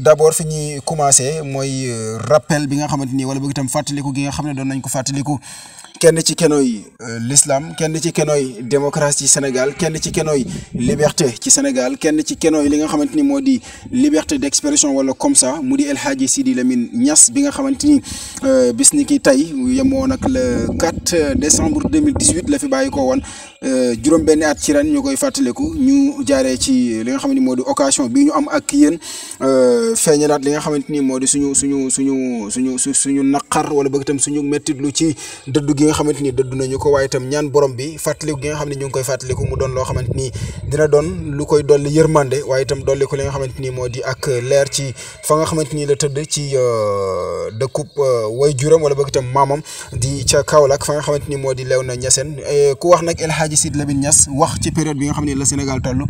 d' abord fi ñuy commencé mooy euh, rappel bi nga xamante ni wala boog itam fàttaliku gi nga xam ne doon nañ ko fàttaliku kenn ci kenooy euh, l'islam kenn ci kenooy démocratie ci Sénégal kenn ci kenooy liberté ci Sénégal kenn ci kenooy li nga xamante ni moo di liberté d' wala comme ça mu di El Hadji Sidi Lamine ñas bi nga xamante ni euh, bis ni ki tey yemoo nag le 4 décembre 2018 la fi bàyyi ko woon Euh, juróom benn at ci ren ñu koy fàttaliku ñu jaare ci li nga xam ne moo di occasion bi ñu am ak yéen euh, feeñalaat li nga xamante ni moo di suñu suñu suñu suñu su suñu naqar wala bëgg itam suñu mettitlu ci dëddu gi nga xamante ni dëddu nañu ko waaye itam ñaan borom bi fàttaliku gi nga xam ne ñu ngi koy fàttaliku mu doon loo xamante ni dina doon lu koy dolli yërmande waaye tam dolli ko li nga xamante ni moo di ak leer ci fa nga xamante ni la tëdd ci euh, dëkkub way juram wala bëgg itam maamam di ca Kaolack fa nga xamante ni moo di lew na Alaaji Sidy Lamine wax ci période bi nga xam ne la Sénégal toll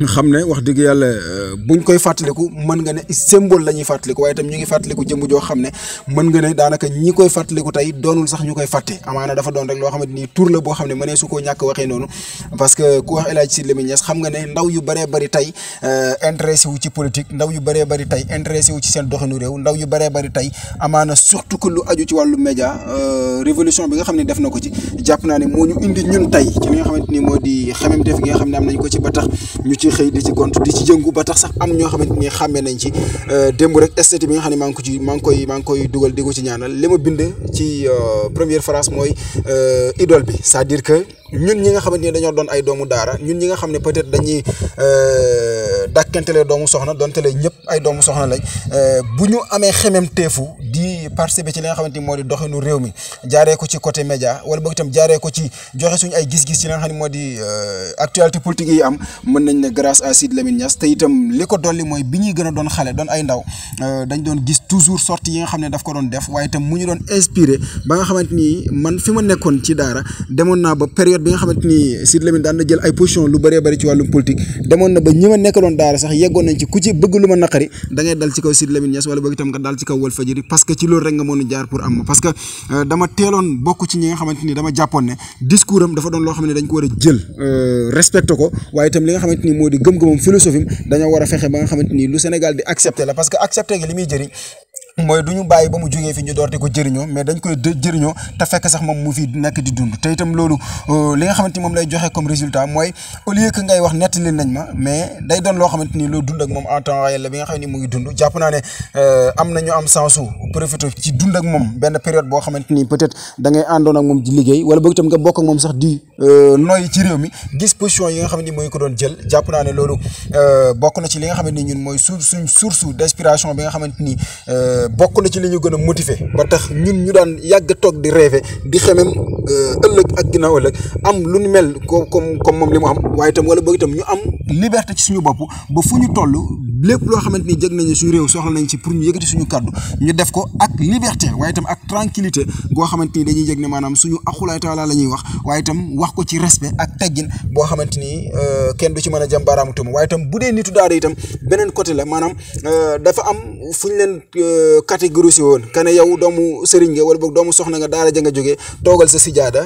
nga xam ne wax dëgg yàlla euh, buñ koy fàttaliku mën nga ne symbole lañuy ñuy ko waaye itam ñu ngi fàttaliku jëmm joo xam ne mën nga ne daanaka ñi koy ko tey doonul sax ñu koy fàtte amaana dafa doon rek loo xamante ni tur la boo xam ne mënee su koo ñàkk waxee noonu que ku wax El Hadj xam nga ne ndaw yu bëree bëri tey euh, intéressé wu ci politique ndaw yu bëree bëri tey intéressé wu ci seen doxinu réew ndaw yu bëree bëri tey amaana surtout que lu aju ci wàllu média euh, révolution bi nga xam ne def na ko ci jàpp naa ne moo ñu indi ñun tey ci li nga ni moo di xamemteef gi nga xam ne am nañ ko ci ba tax ci xëy di ci gont di ci jëngu ba tax sax am ñoo xamante ni xàmmee nañ ci euh, démb rek esthétique bi nga xam ne maa koy maa ngi koy dugal di ci ñaanal li bind ci euh, première phrase mooy euh, idole bi cest dire que ñun ñi nga xamante ni dañoo doon ay doomu daara ñun ñi nga xam ne peut-être dañuy dàkkantelee doomu soxna donte le ñëpp ay doomu soxna lañ bu ñu amee xemem teefu participer ci li nga xamante ni moo di doxinu réew mi jaaree ko ci côté média wala boog itam jaaree ko ci joxe suñu ay gis-gis nga euh, yi a doon euh, ko doon def waaye itam mu ñu doon inspiré ci da ngay dal ci kaw Sidy Lamine Niass wala boog itam nga dal ci kaw Walfadjri parce que ci loolu loolu nga moon a jaar pour am parce que euh, dama teeloon bokk ci ñi nga xamante ni dama jàppoon ne discours am dafa doon loo xam ne dañ ko war jël euh, respecté ko waaye itam li nga xamante ni moo di gëm-gëmam philosophie dañoo war a fexe ba nga xamante ni lu Sénégal di accepté la parce que accepté nga li muy jëriñ mooy du ñu bàyyi ba mu jógee fi ñu door di ko jëriñoo mais dañ koy jëriñoo te fekk sax moom mu fi nekk di dund te itam loolu euh, li nga xamante ni moom lay joxe comme résultat mooy au lieu que ngay wax nettali nañ ma mais day doon loo xamante ni loo dund ak moom en nga xam ne mu ngi dund jàpp naa ne euh, am am sensu profité ci dund ak moom benn période boo xamante ni peut-être da ngay àndoon ak moom liggéey wala boog itam nga bokk ak moom sax di euh, nooy ci réew mi gis position yi nga xam ne mooy ko doon jël jàpp naa ne loolu bokk na ci li nga xamante ni ñun mooy suñ suñ source d'inspiration bi nga xamante ni bokk na ci li ñu gën a motiver ba tax ñun ñu daan yàgg toog di rêver di xemem euh, ëllëg ak ginnaaw ëllëg am lu ñu mel ko kom comme moom li mu am waaye itam wala boog itam ñu am liberté ci suñu bopp ba fu ñu toll lépp loo xamante ni jëg nañu suñu réew soxla nañ ci pour ñu yëkkati suñu kàddu ñu def ko ak liberté waaye itam ak tranquillité goo xamante ni dañuy jëg ne maanaam suñu axulaay taala la ñuy wax waaye itam wax ko ci respect ak teggin boo xamante ni euh, kenn du ci mën a jëm baaraamu tuuma waaye itam bu dee nitu daara itam beneen côté la maanaam euh, dafa am fu ñu leen euh, catégoriser woon kane yow doomu sëriñ nga wala boog doomu soxna nga daara ja nga jógee toogal sa sijaada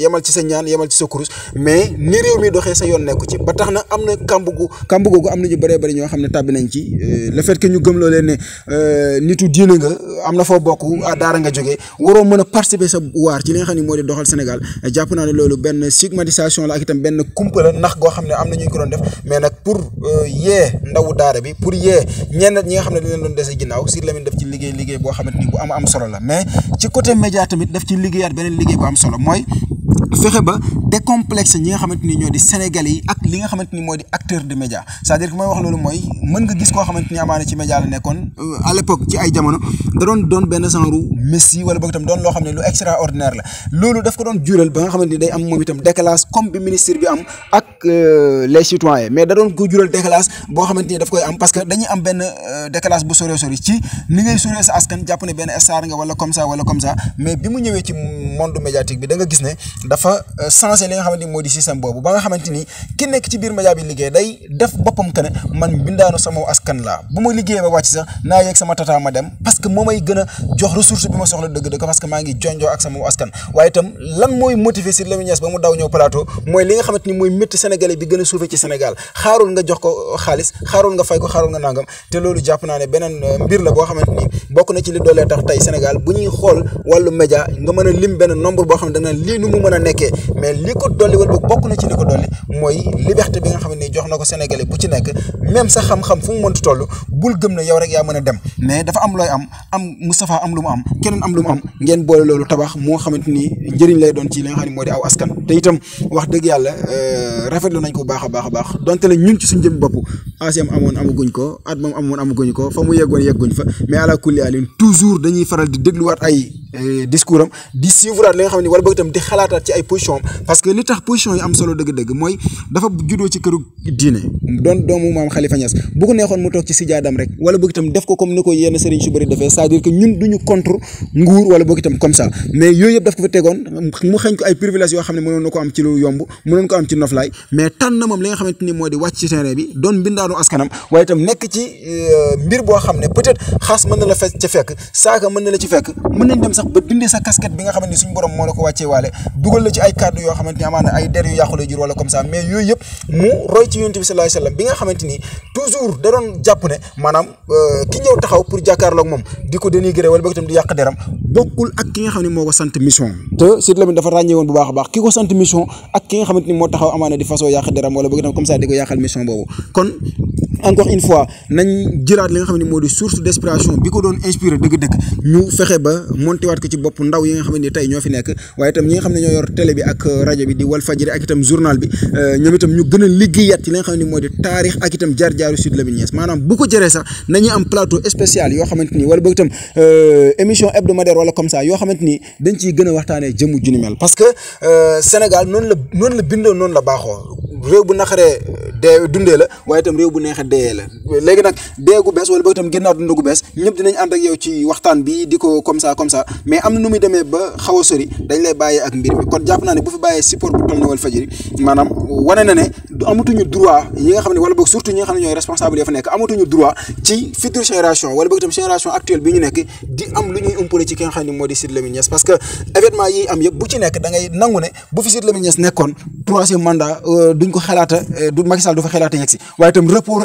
yemal ci sa ñaan yemal ci sa kurus mais ni réew mi doxee sa yoon nekku ci ba tax na am na kàmb gu kàmb googu am na ñu bëree bëri ñoo xam ne tàbbi bi nañ ci euh, le fait ñu gëm loo leen ne euh, nitu diine nga am na foo bokk daara nga jógee waroo mën a participer sa waar ci li nga xam ne moo di doxal Sénégal jàpp naa ne loolu benn stigmatisation la ak itam benn kumpa nax goo xam ne am na ñu ko doon def mais nag pour euh, yee ndawu daara bi pour yee ñenn ñi nga xam ne dañ leen doon dese ginnaaw Sidy Lamine daf ci liggéey liggéey boo xamante ni bu am am solo la mais ci côté média tamit daf ci liggéeyaat beneen liggéey bu am solo mooy fexe ba décomplexe ñi nga xamante ni ñoo di Sénégalais yi ak li nga xamante ni moo di acteur de média c'est-à-dire que may wax loolu mooy mën nga gis koo xamante ni amaana ci média la nekkoon euh, à l'époque ci ay jamono da doon doon benn genre messi wala boog itam doon loo xam ne lu extraordinaire la loolu daf ko doon jural ba nga xamante ni day am moom itam décalage comme bi ministre bi am ak euh, les citoyens mais da doon ko jural décalage boo xamante daf koy am parce que dañuy am benn euh, décalage bu sore sori ci ni ngay jàpp benn star nga wala comme ça wala comme ça mais bi dafa euh, changé li nga xamante ni moo di système boobu ba a jox ressource mooy motiver Sidy Lamine Niass ba mu daw ñëw plateau mooy li nga xamante mooy métti sénégalais bi gën a suufee ci Sénégal xaarul nga jox ko euh, xaalis xaarul nga fay ko xaarul nga nangam te loolu jàpp naa ne beneen euh, mbir la boo xamante ni bokk na ci li doolee tax tey Sénégal bu ñuy xool wàllu média nga mën a lim benn nombre boo xam danga lii nu mu mën a nekk nekkee mais li ko dolli wala bokk na ci li ko dolli mooy liberté bi nga xam ne jox na ko sénégalais bu ci nekk même sa xam-xam fu mu mënti toll bul gëm ne yow rek yaa mën a dem mais dafa am looy am am Moustapha am lu mu ni njëriñ lay doon ci li nga xam ne moo di aw askan te itam wax dëgg yàlla euh, rafetlu nañ ko baax a baax a baax donte la ñun ci suñu jëm bopp ACM amoon amaguñ ko at moom amoon amaguñ ko fa mu yeggoon yegguñ fa mais àla kulli alin toujours dañuy faral di dégluwaat ay Eh, discours am di suivre li nga xam ne wala boog itam di xalaataat ci ay position am parce que li tax position yi am solo dëgg-dëgg mooy dafa juddoo ci këru diine doomu maam Khalifa Niass ci sijaadam rek wala boog defee cest ko ne mënoon euh, mën na la fekk fekk mën na la ci fekk sax ba dindi sa casquette bi nga xamante ni suñu borom moo la ko wàccee waale dugal la ci ay kàddu yoo xamante ni amaana ay der yu yàqu lay jur wala euh, moom di ko dénigrer wala boog sant mission a baax ki ko moo taxaw amaana di façon yàq deram wala boog itam comme ça di ko yàqal mission boobu kon encore une fois nañ jëlaat li nga xam ne moo di bi ko doon inspiré dëgg-dëgg ñu fexe ba monté waat ko ci bopp ndaw yi nga xam ne tey ñoo fi nekk waaye itam ñi nga ne ñoo yor télé bi ak rajo di wal fajiri ak itam euh, a liggéeyaat ci li nga xam ne moo jaar-jaaru Sidy Lamine Niass maanaam bu ko jëree sax nañuy am plateau spécial yoo xamante ni wala boog itam euh, émission hebdomadaire wala comme ça yoo xamante ni dañ ciy gën a waxtaanee jëmu ju ni mel parce que euh, Sénégal noonu la la bindoo noonu la baaxoo réew bu naqaree dee dundee la waaye itam dee la léegi nag dee gu bees wala boog itam ginnaaw dund ñëpp dinañ am a sori dañ lay bàyyee ak mbir mi kon di am lu ñuy umpale ci ki nga moo di Sidy Lamine Niass parce que événement yi am yëpp bu ci nekk da nangu ne bu fi Sidy Lamine Niass nekkoon euh, euh, du Macky du fa xalaata yegg si waaye itam report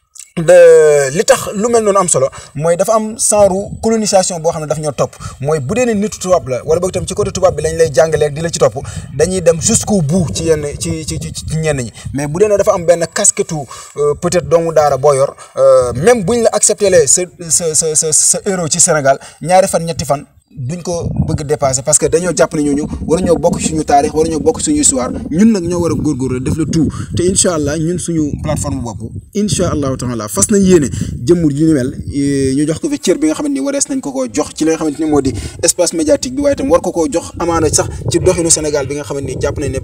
li tax lu mel noonu am solo mooy dafa am genre colonisation boo xam ne daf ñoo topp mooy bu dee ne nitu tubaab la wala boo tam ci côté tubaab bi lañ lay jàngalee ak di la ci topp dañuy dem jusqu'au bout ci yenn ci ci ci ñenn ñi mais bu dee ne dafa am benn casquette euh, peut-être doomu daara boo yor euh, même buñ la accepté lee sa sa sa sa sa héros ci Sénégal ñaari fan ñetti fan. duñ ko bëgg dépasser parce que dañoo jàpp ne ñooñu war ñoo bokk suñu taarix war ñoo bokk suñu histoire ñun nag ñoo war a góorgóorlu def la tout te incha allah ñun suñu plateforme bopp incha allahu taala fas nañ yéene jëmmul yu ni mel eh, ñu jox ko fi cër bi nga xamante ni warees nañ ko koo jox ci li xamante ni moo di espace médiatique bi waaye war ko koo jox amaana sax ci doxinu Sénégal bi nga xamante ni jàpp nañ ne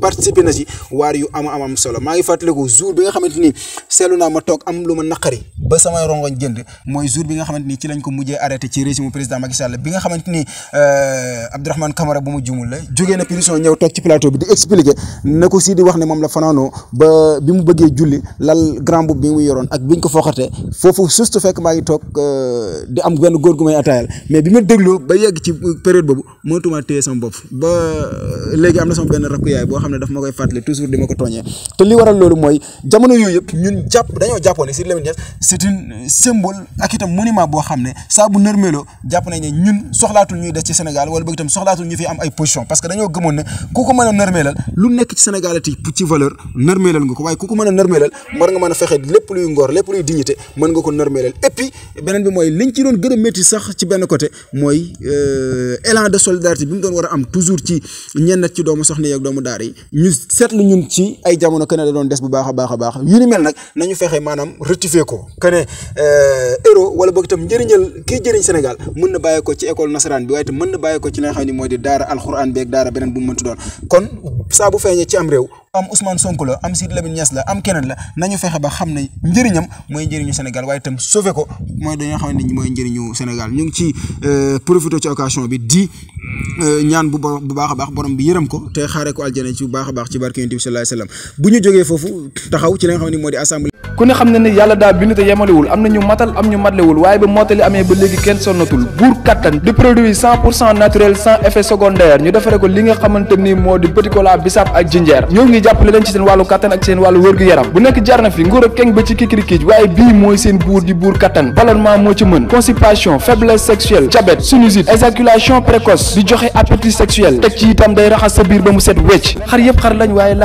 participé na si waar yu ama am solo maa ngi fàttaliku jour bi nga xamante ni seetlu naa ma toog am lu ma naqari ba samay rongoñ génn mooy jour bi nga xamante ni ci lañ ko mujjee arrêté ci régime président Macky Sall bi nga xamante ni euh, Abdourahmane Camara mu jumul la jógee na prison ñëw toog ci plateau bi di expliquer na ko sii di wax bi mu bëggee julli bi mu yoroon ak maa ngi toog euh, di am benn góor gu may bi ma dégloo ba yegg ci période boobu mënatuma téye sama bopp ba euh, léegi am na sama benn rakku yaay boo xam ne daf ma koy fàttali toujours di ma ko tooñee te waral loolu mooy jamono yooyu ñun jàpp dañoo jàppoon ne Sidy Lamine c'est une symbole ak itam monument boo xam ne saa bu nërmeeloo jàpp nañ ne ñun soxlaatul ñuy des ci Sénégal wala boog itam soxlaatul ñu fi am ay position parce que dañoo gëmoon ne ku ko mën a nërmeelal lu nekk ci Sénégal ti ci valeur nërmeelal nga ko waaye ku ko mën a nërmeelal war nga mën a fexe lépp luy ngor lépp luy dignité mën nga ko nërmeelal et beneen bi mooy liñ ci doon gën a métti sax ci benn côté mooy euh, élan de solidarité bi mu doon war a am toujours ci ñenn ci doomu soxna yeeg doomu daara yi ñu seetlu ñun ci ay jamono doon des bu baax a baax a baax yu ni mel nag nañu fexe maanaam ko ne euro wala boog itam njëriñal kii jëriñ Sénégal mën na bàyyi ko ci école nasaraan bi waaye itam mën na bàyyi ko ci li nga xam ne mooy di daara alxuraan beeg daara beneen bu mu mënti doon kon bu ba njëriñu Sénégal waaye itam sauver mooy njëriñu Sénégal ñu ci euh, profité ci occasion bi di euh, ñaan bu bu baax a baax borom bi yërëm ko te xaare ko aljana ci bu baax a ci barke Yonent bi sallallahu bu ñu jógee foofu taxaw ci li nga xam ne di assemblée ku ne xam ne ne yàlla daa bind te yemalewul am na ñu matal am ñu matlewul waaye ba mottali amee ba léegi kenn sonnatul buur kattan di produit cent pour cent naturel sans effet secondaire ñu defare ko li nga xamante ni moo di petit cola bisaab ak jinjeer ñoo ngi jàppale leen ci seen wàllu kattan ak seen wàllu wërgu-yaram bu nekk jarna fi nguur ak keng ba ci kikirikiij waaye bii mooy seen buur di buur kattan ballonnement moo ci mën constipation sa biir ba mu set wecc xar yëpp xar lañ